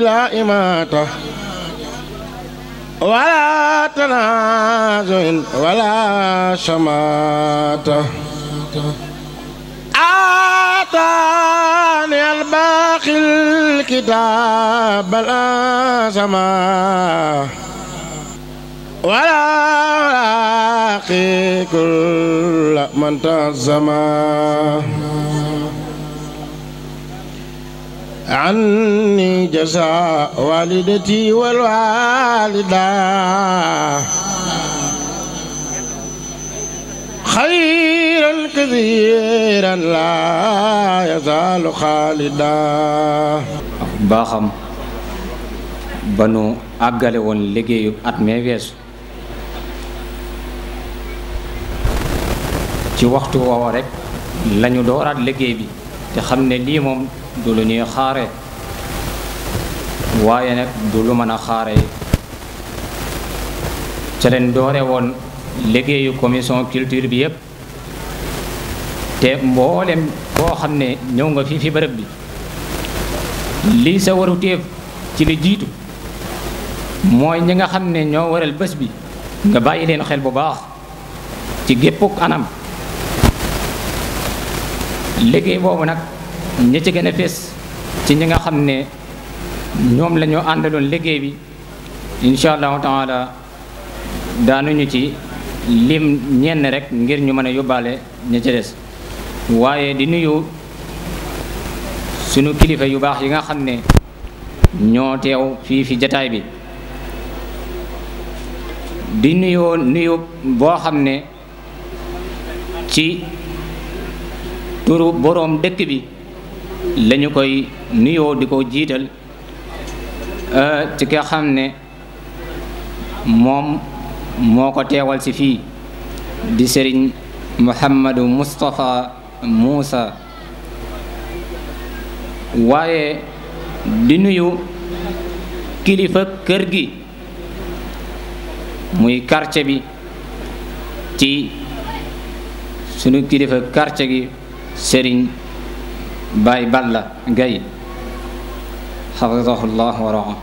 بلا إماتة ولا تنازع ولا شماتة آتاني الباقي الكتاب الأزمة ولا ألاقي كل من تزمه عني جزاء والدتي والوالدة خيرا كثيرا لا يزال خالدا baaxam ba nu àggale woon liggéeyu at mee weesu ci waxtu woowa rek lañu dooraat liggéey bi te xam ne lii du lu ñuy xaare waaye nag du lu mën a xaare ca leen doore woon liggéeyu commission culture bi yépp te mboolem koo xam ne ñëw nga fii fi bërëb bi lii sa waru ci li jiitu mooy ñi nga xam ne ñoo waral bés bi nga bàyyi leen xel bu baax ci géppuk anam liggéey boobu nag ñi ci gën a fees ci ñi nga xam ne ñoom la ñu àndaloon liggéey bi incha allahu taala daanuñu ci lim ñenn rek ngir ñu mën a yóbbaale ña ci des waaye di nuyu sunu kilifa yu baax yi nga xam ne ñoo teew fii fi jataay bi di nuyoo nuyu boo xam ne ci turu boroom dëkk bi lañu koy nuyoo di ko jiital euh, ci ka xam ne moom moo ko teewal si fii di sëriñ Mouhamadou Moustapha muusa waaye di nuyu kilifa kër gi muy quartier bi ci sunu kilifa quartier gi sëriñ Baye Balla Gaye xafidahullah wa raa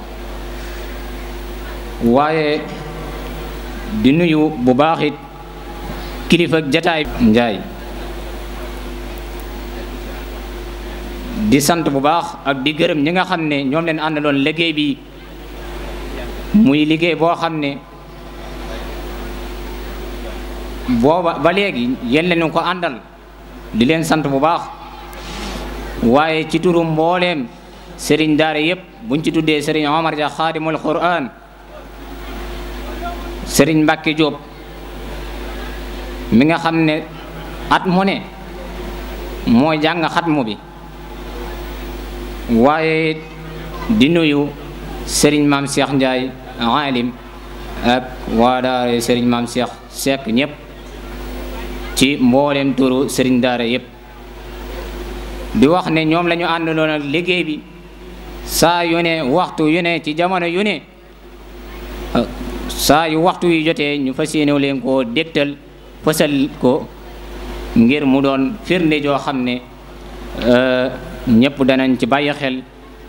waaye di nuyu bu baax kilifa jataay njaay di sant bu baax ak di gërëm ñi nga xam ne ñoom leen àndaloon liggéey bi muy liggéey boo xam ne booba ba léegi yéen leen ko àndal di leen sant bu baax waaye ci turu mbooleem sëriñ daara yëpp buñ ci tuddee sëriñ Omar Dia xaadimul Qur'an sëriñ Mbacke Diop mi nga xam ne at mu ne mooy jàng xatmu bi waaye di nuyu sëriñ maam Cheikh Ndiaye alim ak waa daara sëriñ maam Cheikh Seck ñëpp ci mbooleem turu sëriñ daare yëpp. di wax ne ñoom lañu ñu àndaloon ak liggéey bi saa yu ne waxtu yu ne ci jamono yu ne saa yu waxtu yi jotee ñu fas yéene leen koo dégtal fësal ko ngir mu doon firnde joo xam ne ñëpp danañ ci bàyyi xel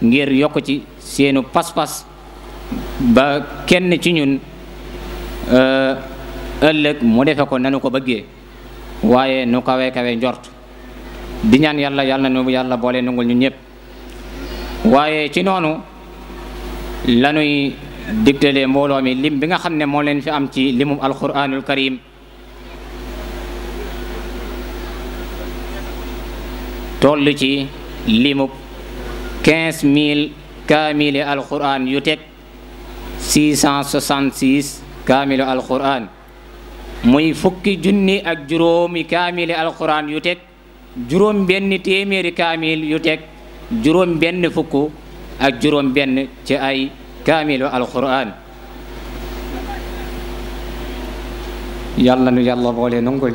ngir yokk ci seenu pas-pas ba kenn ci ñun ëllëg mu defe ko nanu ko bëggee waaye nu kawe kawe njort di ñaan yàlla yàlla no yàlla boole nangul ñun ñep waye ci noonu lanuy diktele mbolo mi lim bi nga xamne mo leen fi am ci limum alquranul karim toll ci limu 15000 كامل القرآن alquran 666 كامل القرآن cent soixante six kaamili alquran muy fukki junni juróom benn téeméeri kaamil yu teg juróom benn fukk ak juróom benn ci ay kaamilu alquran yàlla nu yàlla boole nangul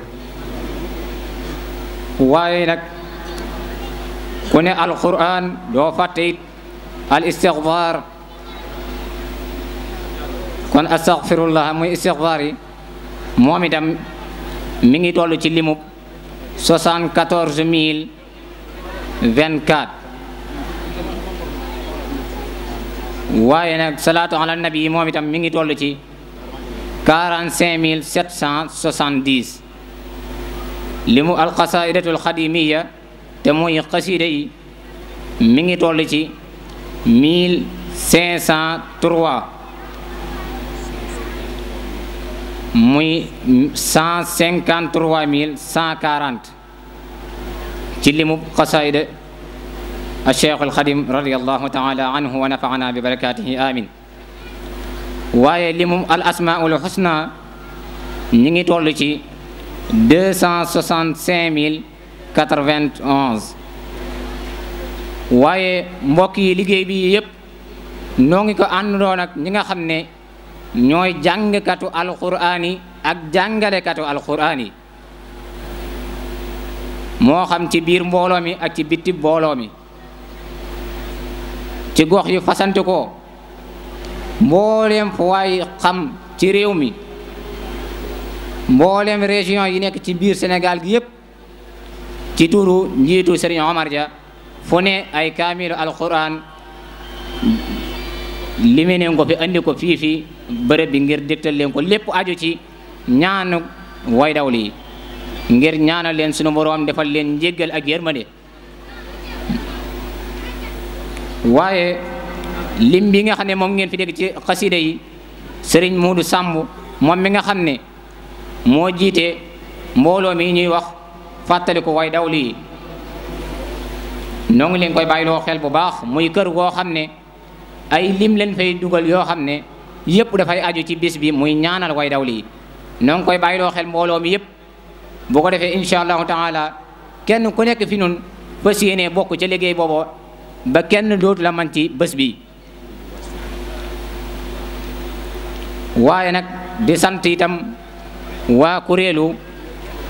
waaye nag ku ne alquran doo fàtte it al istixfaar kon astaxfirullah muy istixfaar yi moom itam mi ngi toll ci limub 74024 وينك صلاه على النبي مو متام ميغي تولي سي 45770 لمو القصائد القديميه تموي قصيده ميغي تولي سي 1503 موي 153140 تي لي مو قصائد الشيخ الخديم رضي الله تعالى عنه ونفعنا ببركاته امين واي لي مو الاسماء الحسنى نيغي تولي سي 265091 واي مبوكي ليغي بي ييب نوغي كو اندو نك نيغا خامني ñooy jàngkatu alquraan yi ak jàngalekatu alquraan yi moo xam ci biir mbooloo mi ak ci bitti mbooloo mi ci gox yu fasante ko mbooleem fu waay xam ci réew mi mbooleem région yi nekk ci biir Sénégal yépp ci turu njiitu Serigne Omar fu ne ay kaamilu alquraan limi neen ko fi andi ko fii fi bërëb bi ngir dégtal leen ko lépp aju ci ñaanu way dawli yi ngir ñaanal leen sunu boroom defal leen njéggal ak yërmande waaye lim bi nga xam ne moom ngeen fi dégg ci xasida yi sëriñ Muudu Sàmb moom mi nga xam ne moo jiite mbooloo mi ñuy wax fàttali ko way dawli yi noo leen koy bàyyiloo xel bu baax muy kër goo xam ne ay lim leen dugal yoo xam ne yëpp dafay aju ci bis bi muy ñaanal way daw lii noo ngi koy bàyyiloo xel mbooloo mi yëpp ko defee incha allahu taala kenn ku nekk fi nun fas yéenee bokk ca liggéey boobo ba kenn dootu la man ci bés bi waaye nag di sant itam waa kuréelu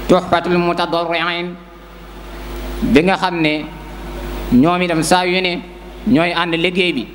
tuxfatul mutadarriin bi nga xam ne ñoom itam saa yu ne ñooy ànd liggéey bi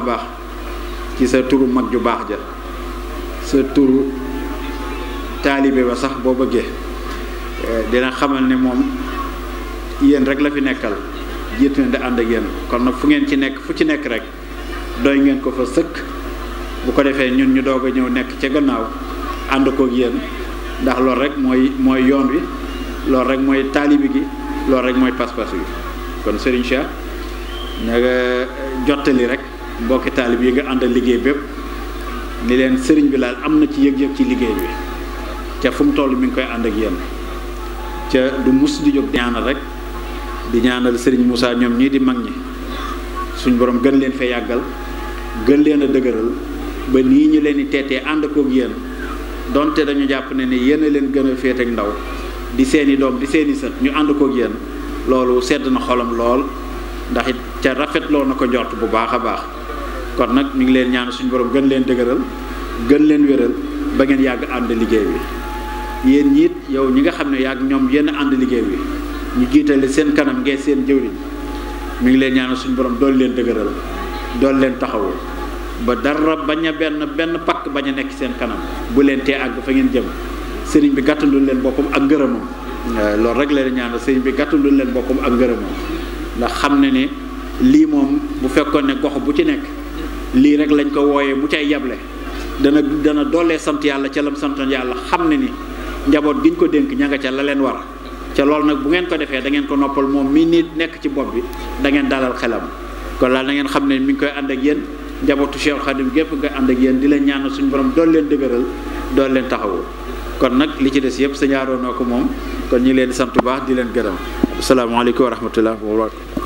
baax baax ci sa turu mag ju baax ja sa turu taalibe ba sax boo bëggee eh, dina xamal ne moom yéen rek la fi nekkal jiit na di ànd ak yéen kon nag fu ngeen ci nekk fu ci nekk rek doy ngeen ko fa sëkk bu ko defee ñun ñu doog a ñëw nekk ca gannaaw ànd koog yéen ndax loolu rek mooy mooy yoon wi loolu rek mooy taalibi gi loolu rek mooy pas-pas wi kon Serigne Cheikh na eh, jottali rek. mbokki taalib yi nga àndal liggéey bépp ni leen sëriñ bi laal am na ci yëg-yëg ci liggéey bi ca fu mu toll mi ngi koy ànd ak yéen ca du mus di jóg di ñaanal rek di ñaanal sëriñ Moussa ñoom ñii di mag ñi suñ borom gën leen fee yàggal gën leen a dëgëral ba nii ñu leen di teetee ànd koog yéen donte dañu jàpp ne ni yéen a leen gën a féet ak ndaw di seeni doom di seeni sët ñu ànd koog yéen loolu sedd na xolam lool ndax it ca rafetloo na ko njort bu baax a baax kon nag ñu ngi leen ñaan suñu boroom gën leen dëgëral gën leen wéral ba ngeen yàgg ànd liggéey bi yéen ñiit yow ñi nga xam ne yàgg ñoom yenn ànd liggéey bi ñu jiitale seen kanam ngeen seen jëwriñ mu ngi leen ñaanal suñu borom dool leen dëgëral dool leen taxawu ba dara bañ a benn benn pakk bañ a nekk seen kanam bu leen tee àgg fa ngeen jëm sëriñ bi gàttandul leen boppam ak ngërëmam eh, loolu rek la leen ñaanal sëriñ bi gàttandul leen boppam ak ngërëmam ndax xam ne lii moom bu fekkoon ne gox bu ci nekk lii rek lañ ko wooyee mu cay yable dana dana doolee sant yàlla ca lam santoon yàlla xam ne ni njaboot giñ ko dénk ña nga ca la leen war ca loolu nag bu ngeen ko defee da ngeen ko noppal moom mi nit nekk ci bopp bi da ngeen dalal xelam kon laal ngeen xam mi ngi koy ànd ak yéen njabootu Cheikh Khadim gépp nga ànd ak yéen di leen ñaanal suñu borom dool leen dëgëral dool leen taxawu kon nag li ci des yëpp sa ñaaroo noo kon ñu leen sant bu di leen gërëm asalaamaaleykum wa rahmatullah wa barakatuh